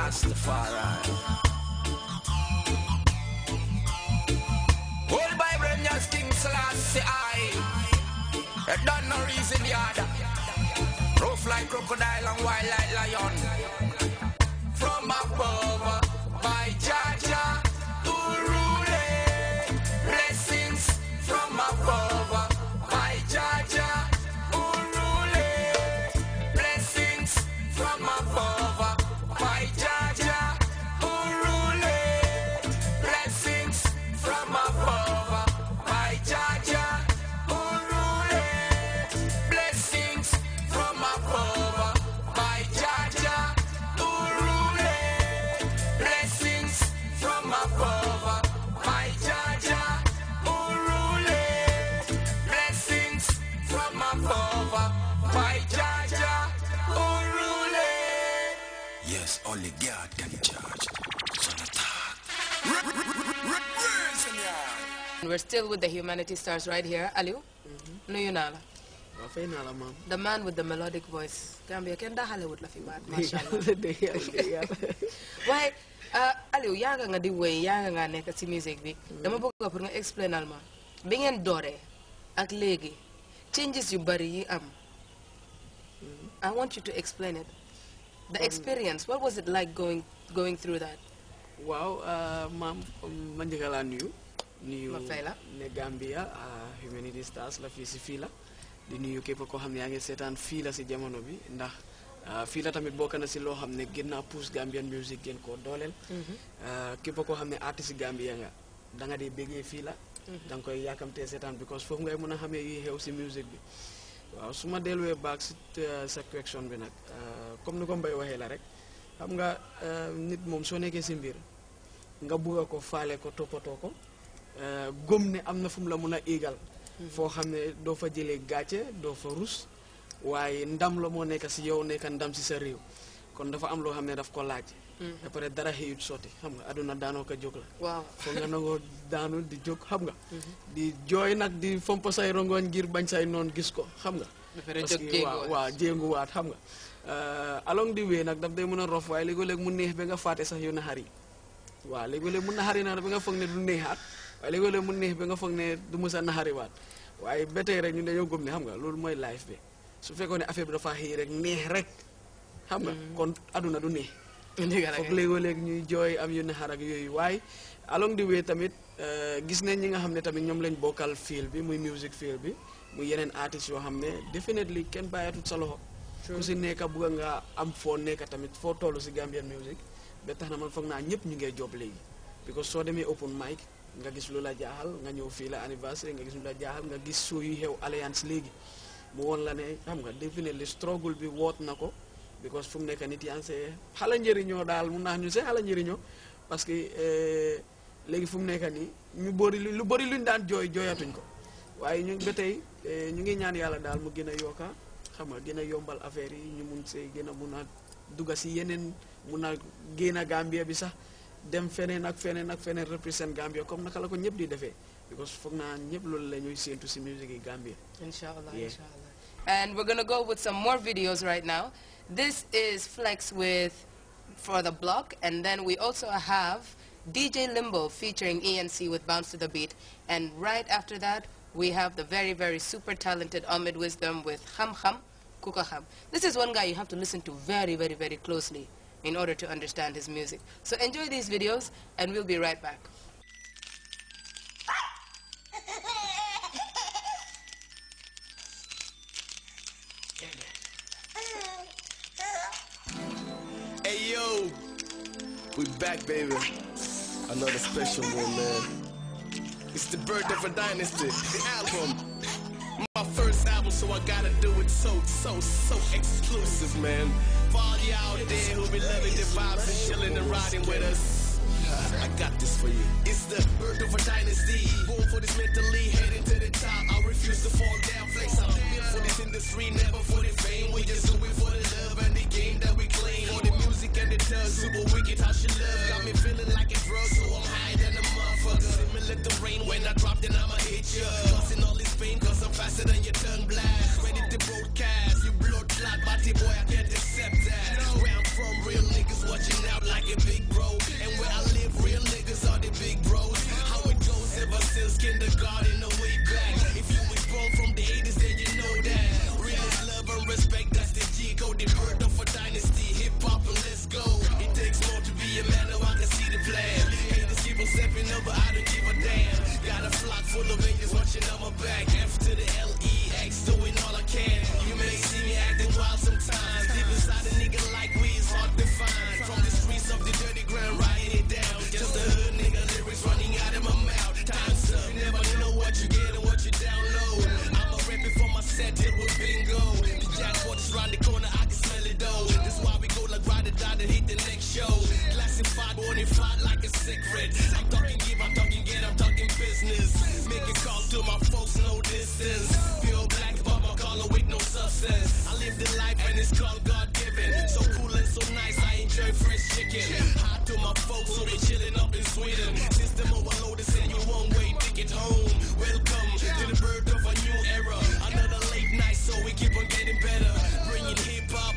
Rastafari. Old Bible just King Selassie I. It done no reason the other. Rough like crocodile and wild like lion. From above. My Jaja, unruly. Yes, mm-hmm. naa la. waaw fay naa la maam. the man with the melodic voice. nga di woy yaaga nga nekk ci musique bi. Mm-hmm. dama bëgg pour nga explainal ma bi ngeen dooree ak léegi changes yu bari yi am. I want you to explain it. The um, experience, what was it like going going through that? Wow, uh, um, ma ma'am, manjigala nuyu. Nuyu ne Gambia, uh, Humanity Stars la fii si fii la. Di nuyu képp koo xam ne yaa ngi seetaan fii la si jamono bi ndax uh, fii la tamit boo na si loo xam ne gën naa pousse Gambian music gën koo dooleel. Mm-hmm. Uh, képp koo xam ne artiste Gambia nga da nga dee bégee fii la. Mm-hmm. da nga koy yàkkamtee seetaan because foofu ngay mën a xamee yuy xew si music bi. waaw su ma delluwee baag si euh, sa question bi nag euh, comme ni ko Mbaye waxee la rek xam nga euh, nit moom soo nekkee si mbir nga bugg ko faale ko toppatoo ko gëm ne am na fu mu la mun a égal hmm. foo xam ne doo fa jëlee gàcce doo fa rus waaye ndam la moo nekk si yow nekk ndam si sa réew kon dafa am loo xam ne daf ko laaj après dara xëyut sotti xam nga aduna daanoo ko jóg la. waaw foog nga nangoo daanu di jóg xam nga. Mhm. di jooy nag di fomp say rongoñ ngir bañ say noon gis ko xam nga. parce que waaw waaw jénguwaat xam nga. Euh, along di wéy nag daf day mën a rof waaye léegoo léeg mu neex ba nga fàtte sax yu naxar yi waaw léegoo léeg mu naxari nag ba nga foog ne du neexaat waaye léegoo léeg mu neex ba nga foog ne du mës a naxariwaat waaye ba tey rek dañoo ne xam nga loolu mooy life bi su fekkoon ne affaire bi dafa xëy rek neex rek xam nga mhm. kon aduna du neex foog léegoo-léeg ñuy jooy am yu naxar yooyu waaye along the way tamit euh, gis nañ ñi nga xam ne tamit ñoom lañ bokkal fiil bi muy music fiil bi muy yeneen artistes yoo xam ne definitely kenn bàyyatul sa loxo ku si nekka bugg a nga am foo nekka tamit foo toll si Gambian music ba tax na man foog naa ñëpp ñu ngay job léegi because soo demee open mic nga gis lu la jaaxal nga ñëw fii la anniversaire nga gis lu la jaaxal nga gis su yu xew alliance léegi mu woon la ne xam nga definitely struggle bi woot na ko because fu mu nekk nit yaa ngi see xala njëriñoo daal mun naa ñu see xala njëriñoo parce que eh, léegi fu mu nekk nii ñu bëri lu bëri luñ daan jooy jooyatuñ ko waaye ñu ba tey eh, ñu ngi ñaan yàlla daal mu gën a yokka xam nga gën a yombal affaire yi ñu mun see gën a mun a dugga si yeneen mun a génn a Gambia bi sax dem feneen ak feneen ak feneen represent Gambia comme naka la ko ñëpp di defee because foog naa ñëpp loolu la ñuy séentu si musique yi Gambia. incha allah incha And we're going to go with some more videos right now. This is Flex with For the Block, and then we also have DJ Limbo featuring ENC with Bounce to the Beat. And right after that, we have the very, very super talented Ahmed Wisdom with Ham Ham, Kuka Ham. This is one guy you have to listen to very, very, very closely in order to understand his music. So enjoy these videos, and we'll be right back. back, baby. Another special one, man. It's the birth of a dynasty, the album. My first album, so I gotta do it so, so, so exclusive, man. For all you out there who be loving the vibes and chilling and riding with us. I got this for you. It's the birth of a dynasty. Born for this mentally, heading to the top. I refuse to fall down, flex out. future. called God given. So cool and so nice, I enjoy fresh chicken. Hot to my folks, so they chilling up in Sweden. System overloaded, send you one way ticket home. Welcome to the birth of a new era. Another late night, so we keep on getting better. Bringing hip hop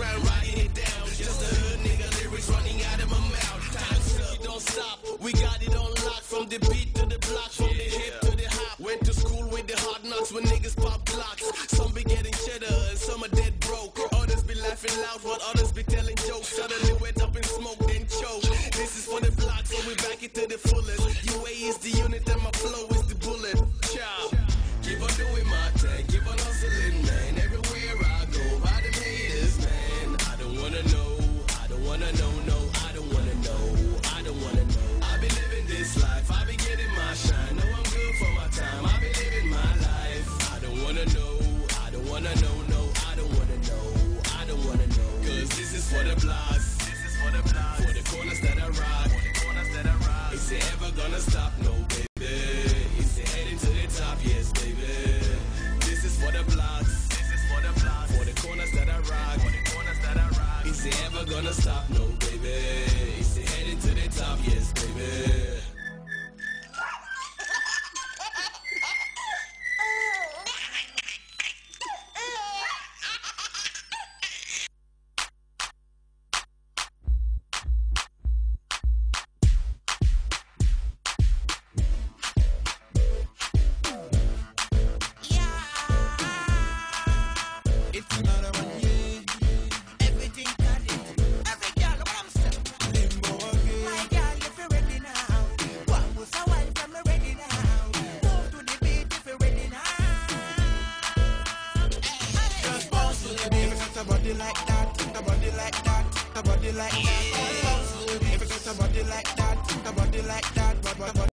it down. Just a hood nigga lyrics running out of my mouth. Time's up, don't stop. We got it on lock from the beat to the block, from the hip to the hop. Went to school with the hard knocks when niggas pop blocks. Some be getting cheddar and some are dead broke. Others be laughing loud while others be telling jokes. Suddenly went up in smoke, then choke. This is for the block, so we back it to the fullest. gonna stop no